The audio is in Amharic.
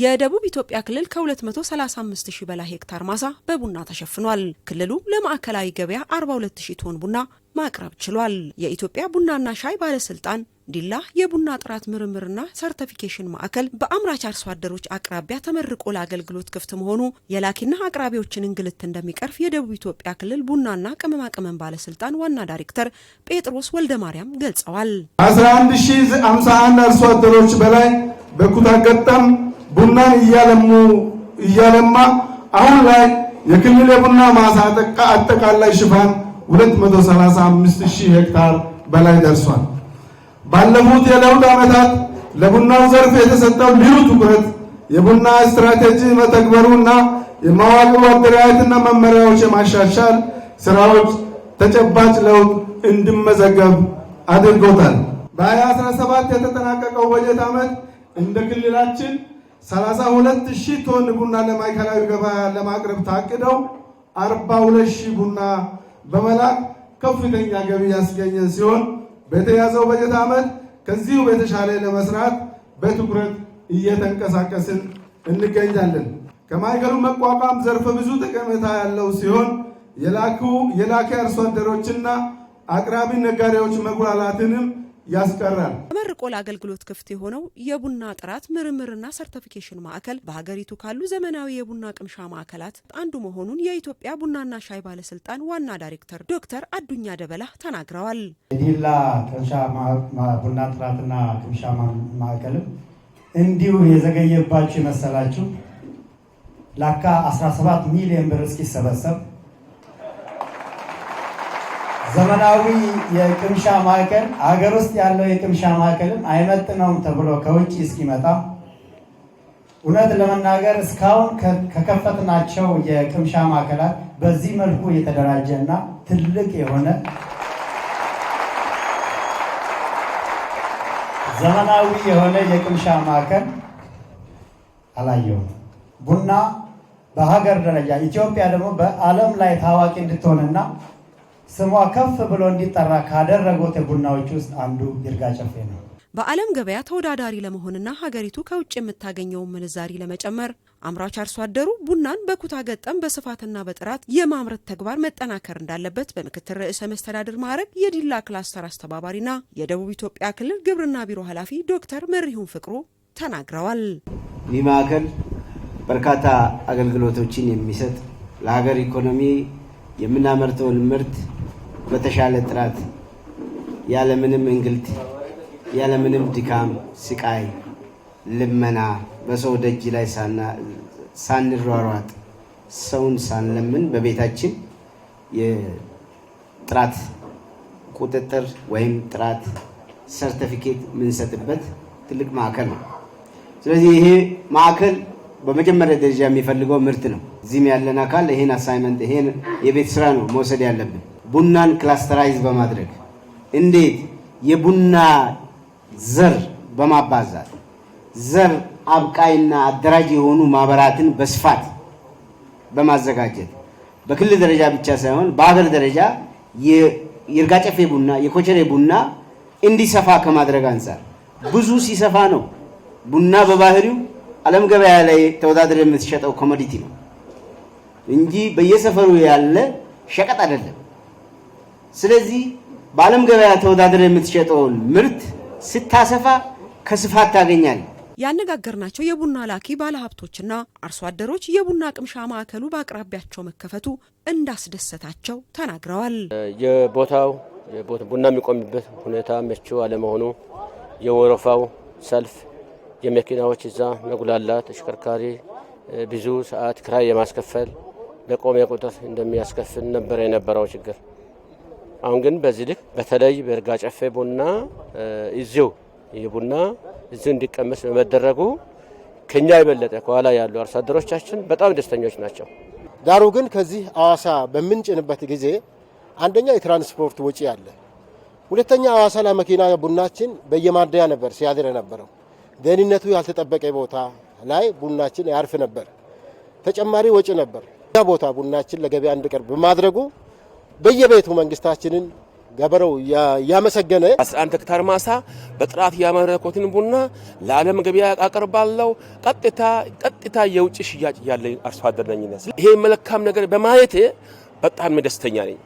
የደቡብ ኢትዮጵያ ክልል ከ235 ሺህ በላይ ሄክታር ማሳ በቡና ተሸፍኗል። ክልሉ ለማዕከላዊ ገበያ 42 ሺህ ቶን ቡና ማቅረብ ችሏል። የኢትዮጵያ ቡናና ሻይ ባለስልጣን ዲላ የቡና ጥራት ምርምርና ሰርተፊኬሽን ማዕከል በአምራች አርሶ አደሮች አቅራቢያ ተመርቆ ለአገልግሎት ክፍት መሆኑ የላኪና አቅራቢዎችን እንግልት እንደሚቀርፍ የደቡብ ኢትዮጵያ ክልል ቡናና ቅመማ ቅመም ባለስልጣን ዋና ዳይሬክተር ጴጥሮስ ወልደ ማርያም ገልጸዋል። 1151 አርሶ አደሮች በላይ በኩታ ገጠም ቡናን እያለሙ እያለማ አሁን ላይ የክልል የቡና ማሳ አጠቃላይ ሽፋን 235 ሺህ ሄክታር በላይ ደርሷል። ባለፉት የለውጥ ዓመታት ለቡናው ዘርፍ የተሰጠው ልዩ ትኩረት የቡና ስትራቴጂ መተግበሩና የመዋቅሩ አደረጃጀትና መመሪያዎች የማሻሻል ስራዎች ተጨባጭ ለውጥ እንዲመዘገብ አድርጎታል። በ2017 የተጠናቀቀው በጀት ዓመት እንደ ክልላችን ሰላሳ ሁለት ሺህ ቶን ቡና ለማዕከላዊ ገበያ ለማቅረብ ታቅደው ሁለት ሺህ ቡና በመላክ ከፍተኛ ገቢ ያስገኘ ሲሆን በተያዘው በጀት ዓመት ከዚሁ በተሻለ ለመስራት በትኩረት እየተንቀሳቀስን እንገኛለን። ከማዕከሉ መቋቋም ዘርፈ ብዙ ጠቀሜታ ያለው ሲሆን የላኪ አርሶ አደሮችና አቅራቢ ነጋዴዎች መጉላላትንም ያስቀራል። ተመርቆ ለአገልግሎት ክፍት የሆነው የቡና ጥራት ምርምርና ሰርቲፊኬሽን ማዕከል በሀገሪቱ ካሉ ዘመናዊ የቡና ቅምሻ ማዕከላት አንዱ መሆኑን የኢትዮጵያ ቡናና ሻይ ባለስልጣን ዋና ዳይሬክተር ዶክተር አዱኛ ደበላ ተናግረዋል። የዲላ ቅምሻ ቡና ጥራትና ቅምሻ ማዕከልም እንዲሁ የዘገየባቸው የመሰላችሁ ላካ 17 ሚሊዮን ብር እስኪሰበሰብ ዘመናዊ የቅምሻ ማዕከል አገር ውስጥ ያለው የቅምሻ ማዕከልም አይመጥነውም ተብሎ ከውጭ እስኪመጣ እውነት ለመናገር እስካሁን ከከፈትናቸው የቅምሻ ማዕከላት በዚህ መልኩ የተደራጀ እና ትልቅ የሆነ ዘመናዊ የሆነ የቅምሻ ማዕከል አላየሁም። ቡና በሀገር ደረጃ ኢትዮጵያ ደግሞ በዓለም ላይ ታዋቂ እንድትሆንና ስሟ ከፍ ብሎ እንዲጠራ ካደረጉት ቡናዎች ውስጥ አንዱ ይርጋ ጨፌ ነው። በዓለም ገበያ ተወዳዳሪ ለመሆንና ሀገሪቱ ከውጭ የምታገኘውን ምንዛሪ ለመጨመር አምራች አርሶ አደሩ ቡናን በኩታ ገጠም በስፋትና በጥራት የማምረት ተግባር መጠናከር እንዳለበት በምክትል ርዕሰ መስተዳድር ማዕረግ የዲላ ክላስተር አስተባባሪና የደቡብ ኢትዮጵያ ክልል ግብርና ቢሮ ኃላፊ ዶክተር መሪሁን ፍቅሩ ተናግረዋል። ይህ ማዕከል በርካታ አገልግሎቶችን የሚሰጥ ለሀገር ኢኮኖሚ የምናመርተውን ምርት በተሻለ ጥራት ያለምንም እንግልት ያለምንም ድካም፣ ስቃይ፣ ልመና በሰው ደጅ ላይ ሳንሯሯጥ ሰውን ሳንለምን በቤታችን የጥራት ቁጥጥር ወይም ጥራት ሰርተፊኬት የምንሰጥበት ትልቅ ማዕከል ነው። ስለዚህ ይሄ ማዕከል በመጀመሪያ ደረጃ የሚፈልገው ምርት ነው። እዚህም ያለን አካል ይሄን አሳይመንት ይሄን የቤት ስራ ነው መውሰድ ያለብን። ቡናን ክላስተራይዝ በማድረግ እንዴት የቡና ዘር በማባዛት ዘር አብቃይና አደራጅ የሆኑ ማህበራትን በስፋት በማዘጋጀት በክልል ደረጃ ብቻ ሳይሆን በሀገር ደረጃ የይርጋጨፌ ቡና የኮቸሬ ቡና እንዲሰፋ ከማድረግ አንጻር ብዙ ሲሰፋ ነው። ቡና በባህሪው ዓለም ገበያ ላይ ተወዳድር የምትሸጠው ኮሞዲቲ ነው እንጂ በየሰፈሩ ያለ ሸቀጥ አይደለም። ስለዚህ በዓለም ገበያ ተወዳድረ የምትሸጠውን ምርት ስታሰፋ ከስፋት ታገኛለህ። ያነጋገርናቸው የቡና ላኪ ባለሀብቶችና አርሶ አደሮች የቡና ቅምሻ ማዕከሉ በአቅራቢያቸው መከፈቱ እንዳስደሰታቸው ተናግረዋል። የቦታው ቡና የሚቆምበት ሁኔታ ምቹ አለመሆኑ፣ የወረፋው ሰልፍ፣ የመኪናዎች እዛ መጉላላት፣ ተሽከርካሪ ብዙ ሰዓት ክራይ የማስከፈል በቆመ ቁጥር እንደሚያስከፍል ነበር የነበረው ችግር አሁን ግን በዚህ ልክ በተለይ በእርጋ ጨፌ ቡና እዚሁ ይህ ቡና እዚሁ እንዲቀመስ በመደረጉ ከኛ የበለጠ ከኋላ ያሉ አርሶ አደሮቻችን በጣም ደስተኞች ናቸው። ዳሩ ግን ከዚህ አዋሳ በምንጭንበት ጊዜ አንደኛ የትራንስፖርት ወጪ አለ። ሁለተኛ አዋሳ ላይ መኪና ቡናችን በየማደያ ነበር ሲያድር ነበረው። ደህንነቱ ያልተጠበቀ ቦታ ላይ ቡናችን ያርፍ ነበር። ተጨማሪ ወጪ ነበር። ቦታ ቡናችን ለገበያ እንዲቀርብ በማድረጉ በየቤቱ መንግስታችንን ገበረው ያመሰገነ 11 ሄክታር ማሳ በጥራት ያመረኮትን ቡና ለዓለም ገበያ አቀርባለሁ። ቀጥታ ቀጥታ የውጭ ሽያጭ ያለኝ አርሶ አደር ነኝ። ይሄ መልካም ነገር በማየቴ በጣም ደስተኛ ነኝ።